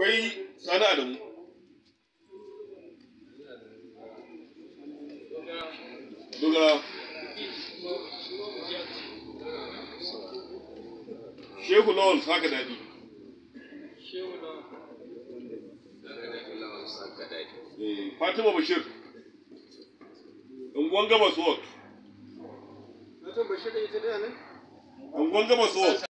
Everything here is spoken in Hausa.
akwai sani adamu duga shehu lawal saka daɗi eh, fatima bashir unguwan gabas wot fatima bashir ita da ne unguwan gabas wot